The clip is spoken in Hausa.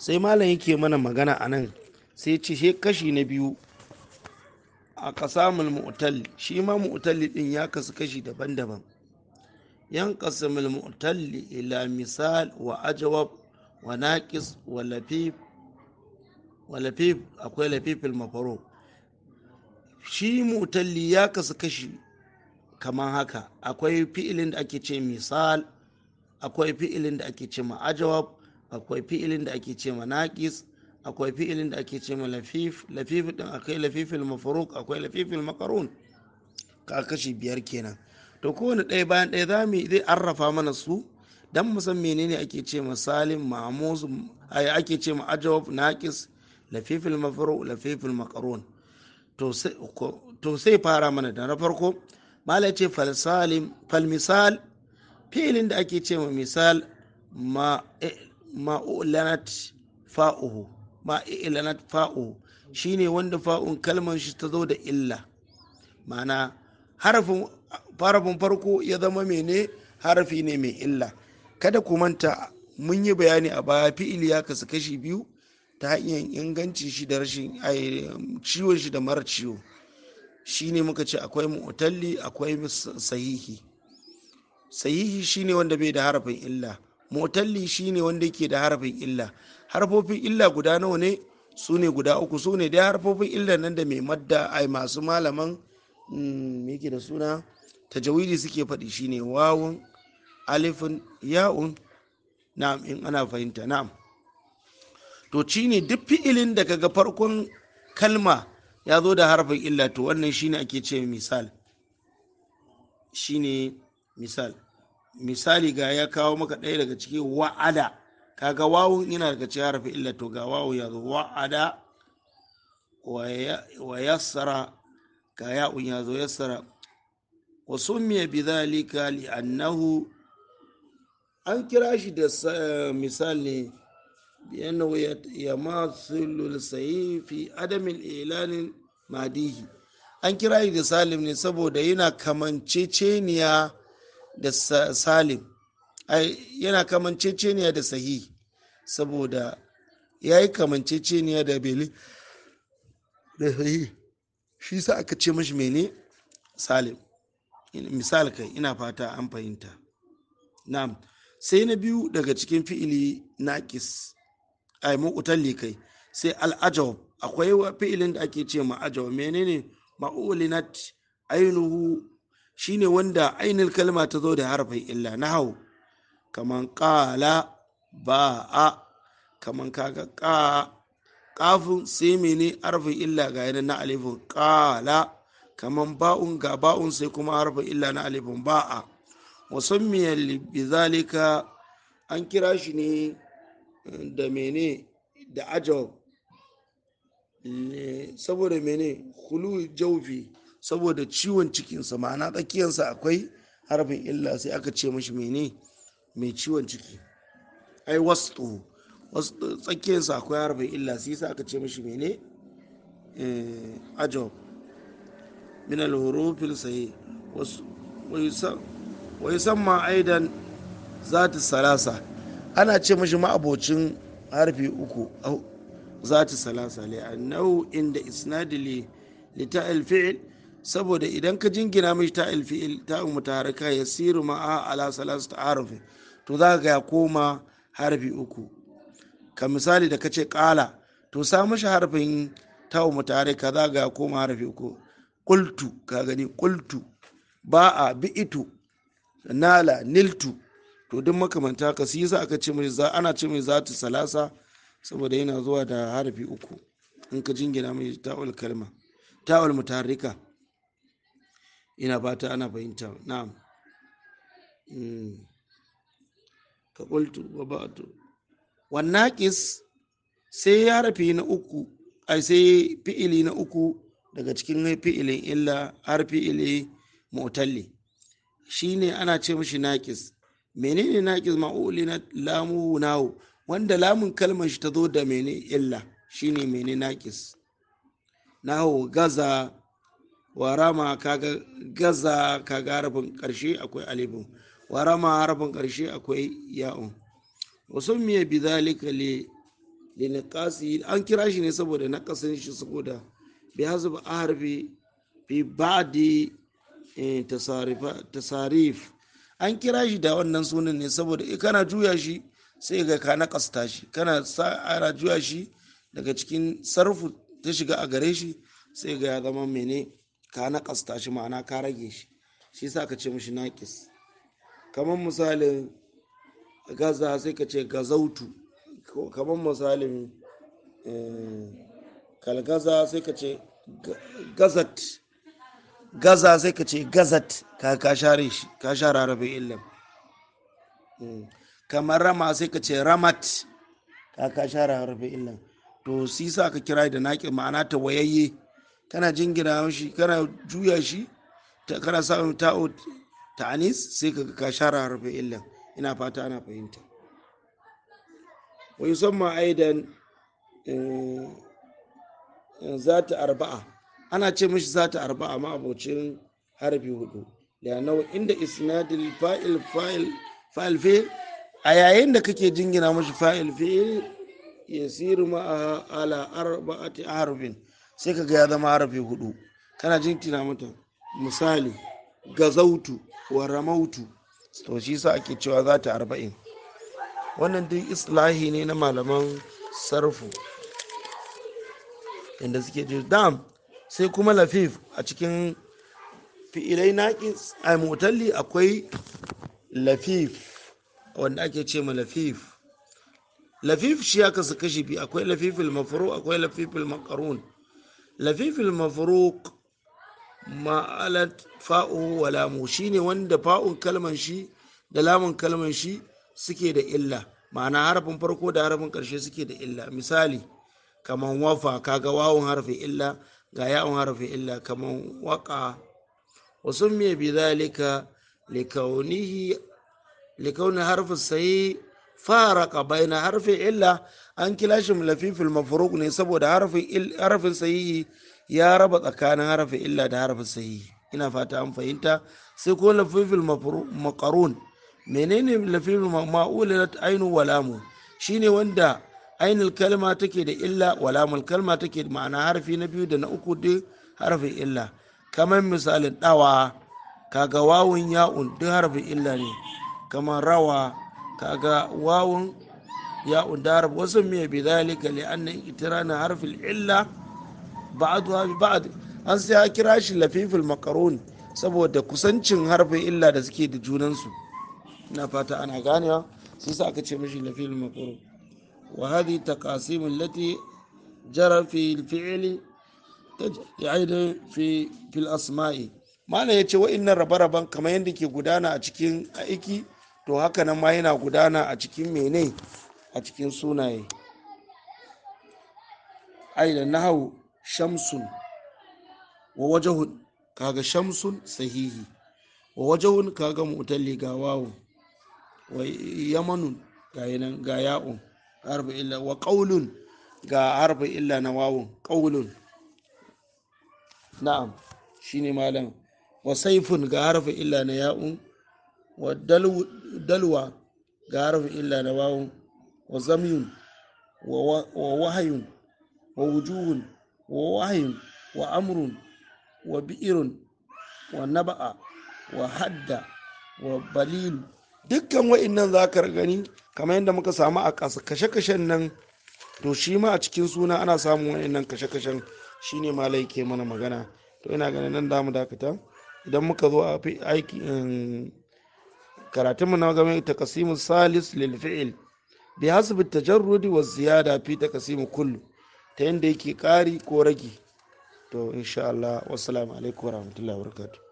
sai malam yake mana magana a nan sai ce he kashi na biyu a kasamul mu'tal shi ma mu'tal din ya kasu kashi daban-daban yan kasamul mu'tal ila misal wa ajawab wa naqis wa lafif wa lafif akwai lafifil mafaro shi mu'tal ya kasu kashi kamar haka akwai fi'ilin da ake ce misal akwai fi'ilin da ake ce ma'ajawab akwai fi'ilin da ake ce ma naqis akwai fi'ilin da ake ce ma lafif lafif din akwai lafifil mafruq akwai lafifil makarun ka kashi biyar kenan to kowane ɗaya bayan ɗaya za mu zai arrafa mana su dan mu san menene ake ce ma salim ma'muz ay ake ce ma ajawab naqis lafifil mafruq lafifil makarun to sai fara mana da na farko malai ce fal misal filin da ake ce ma misal ma eh, ma'ulanat fa'o ma'ilanat fa'uhu shine wanda fa'un kalman shi ta zo da illa mana harafin farko ya zama mene harafi ne mai illa kada ku manta mun yi bayani a baya fi'il ya kasu kashi biyu ta hanyar inganci shi da rashin ciwon shi da mara ciwo shine muka ce akwai mu'talli akwai sahihi sahihi shine wanda bai da harafin illa Motalli shine wanda yake da harafin illa harfofin illa guda nawa ne su ne guda uku su ne dai harfofin illa nan da mai madda ai masu malaman mm, me yake da suna tajawidi suke faɗi shine wawun alifin ya'un na'am in ana fahimta na'am to ci ne duk fi'ilin da kaga farkon kalma ya zo da harfin illa to wannan shine ake ce misal shine misal misali ga ya kawo maka ɗaya daga ciki wa'ada kaga wawun ina daga ci harafin illa to ga wawu ya zo wa'ada wa yassara ga ya'un ya zo yassara wa summiya bi zalika li annahu an kira shi da misali بأنه يماثل السيف في عدم الإعلان madihi an kira da salim ne saboda yana kamanceceniya da salim ai yana kamanceceniya da sahi saboda ya yi kamanceceniya da beli da sahi shi sa aka ce mashi mene salim misal kai ina fata an fahimta na'am sai na biyu daga cikin fi'ili naqis ai muqtalli kai sai al'ajawab akwai fi'ilin da ake ce ma'ajawab menene ma'ulinat ainihu shine wanda ainihin kalma ta zo da harafin illa na hau kaman ƙala ba'a kaman kaga ƙa ƙafin sai mene harafin illa ga yanar na alifin ƙala kaman ba'un ga ba'un sai kuma harafin illa na alifin ba'a musammiyar bizalika an kira shi ne eh, da mene da ajo eh, saboda mene hulu jaufi saboda ciwon cikinsa ma'ana tsakiyarsa akwai harfin illa sai aka ce mashi mene mai ciwon ciki ai wasu tsakiyarsa akwai harfin illa sai sa aka ce mashi mene eh, ajob min alhurufin saye wai san ma aidan ta salasa ana ce mashi ma'abocin harfi uku ta salasa li'annahu inda isnadili ta fi'il saboda idan ka jingina mishi ta ilfi'il ta um mutaharaka ya siru ma'a ala ta harafi to za ka ya koma harafi uku ka misali da ka ce kala to sa mishi harafin ta um mutaharaka za ka ya koma harafi uku kultu ka gani kultu ba'a bi'itu nala niltu to duk makamanta ka su yasa aka ce mai ana ce mai ta salasa saboda yana zuwa da harafi uku in ka jingina mai ta'ul kalma ta'ul mutarrika ina fata ana fahimta na'am ka mm. qultu wa ba'du wan naqis sai ya rafi na uku ai sai fi'ili na uku daga cikin fi'ilin illa har fi'ili mu'talli shine ana ce mishi naqis menene naqis ma'uli na lamu nawo wanda lamun kalmar shi ta zo da mene illa shine mene naqis nawo gaza warama kaga gaza kaga harafin karshe akwai alifin warama harafin karshe akwai yau wasu miya zalika li linqasi an kira shi ne saboda naqasin shi saboda bi hazb harfi bi ba'di eh, tasarif an kira shi da wannan sunan ne saboda kana juya shi sai ga ka naƙasta shi kana sa ara juya shi daga cikin sarfu ta shiga a gare shi sai ga ya zama mene ka naƙasta shi ma'ana ka rage shi shi sa ka ce mishi naƙis kamar misalin gaza sai ka ce gazautu kamar misalin eh, kalgaza sai ka ce gazat gaza sai ka ce gazat ka share shi ka share rabin illam hmm. kamar rama sai ka ce ramat ka ka share rabin illam to sisa ka kira da naƙi ma'ana ta wayayye kana jingina shi kana juya shi kana samun ta'o ta'anis sai ka ka shara rufe illan ina fata ana fahimta wa yusamma aidan eh, zata arba'a ana ce mishi zata arba'a ma abocin harfi hudu lanau inda isnadil fa'il fa'il fa'il fe a yayin da kake jingina mishi fa'il ya yasiru ma ala arba'ati harfin sai kaga ya zama harafi hudu kana jin tina mata misali gazautu wa ramautu to shi sa ake cewa za ta arba'in wannan duk islahi ne na malaman sarfu inda suke ce dam sai kuma lafif a cikin fi'ilai naƙis a motalli akwai lafif wanda ake ce ma lafif lafif shi ya kasu kashi biyu akwai lafifil mafaro akwai lafifil makarun lafifil mafruk ma'alat fa'uhu wa lamu shine wanda fa'un kalman shi da lamun kalman shi suke da illa ma'ana harafin farko da harafin karshe suke da illa misali kaman wafa kaga wawun harafin illa ga yawun harafin illa kaman waka wasu miya bi zalika likaunihi likaunin harfin sayi faraka baina harfin illa an kila shi lafifin mafruq ne saboda harfin sahihi ya raba tsakanin harfin illa da harfin sahihi ina fata an fahimta sai ko lafifin makarun, menene lafifil ma'ulat ainu walamu shine wanda ainul kalma take da illa walamul kalma take da ma'ana harfi na biyu da na uku duk harfin illa kamar misalin dawa kaga wawun ya'un duk harfin illa ne kamar rawa kaga wawun ya udara wasu miya bi zalika li anna iktirana harfil illa ba'dha bi ba'd an sai ya kira shi lafiful makarun saboda kusancin harfin illa da suke da junansu ina fata ana ganewa sai sa aka ce mishi lafiful makarun wa hadhi taqasim allati jara fi al ta fi fil asmai mala yace wa'annan rabe rabaraban kamar yadda ke gudana a cikin aiki to haka nan ma yana gudana a cikin mene a cikin sunaye aida nahau shamsun wa wajahun kaga shamsun sahihi wa wajahun kaga mutalli ga wawo wa yamanun ga yanan ga ya'un harfi illa wa qaulun ga harfi illa na wawun qaulun na'am shine malam wa saifun ga harfi illa na ya'un wa dalwa ga harafin illa na wawun wa zamyun wa wahayun wa wujuhun wa wahayun wa amurun wa bi'irun wa naba'a wa hadda wa balilu dukkan wa'innan za ka gani kamar yadda muka samu a ƙasa kashe-kashen nan to shi ma a cikin suna ana samun wa'innan kashe-kashen ne ma ke mana magana to ina ganin nan damu dakata idan muka zo a aiki um, karatunmu na game da takasimu salis lil fi'il bi hasbi tajarrudi wa ziyada fi takasimu kullu ta yanda yake kari ko rage to insha Allah wassalamu alaikum warahmatullahi wabarakatuh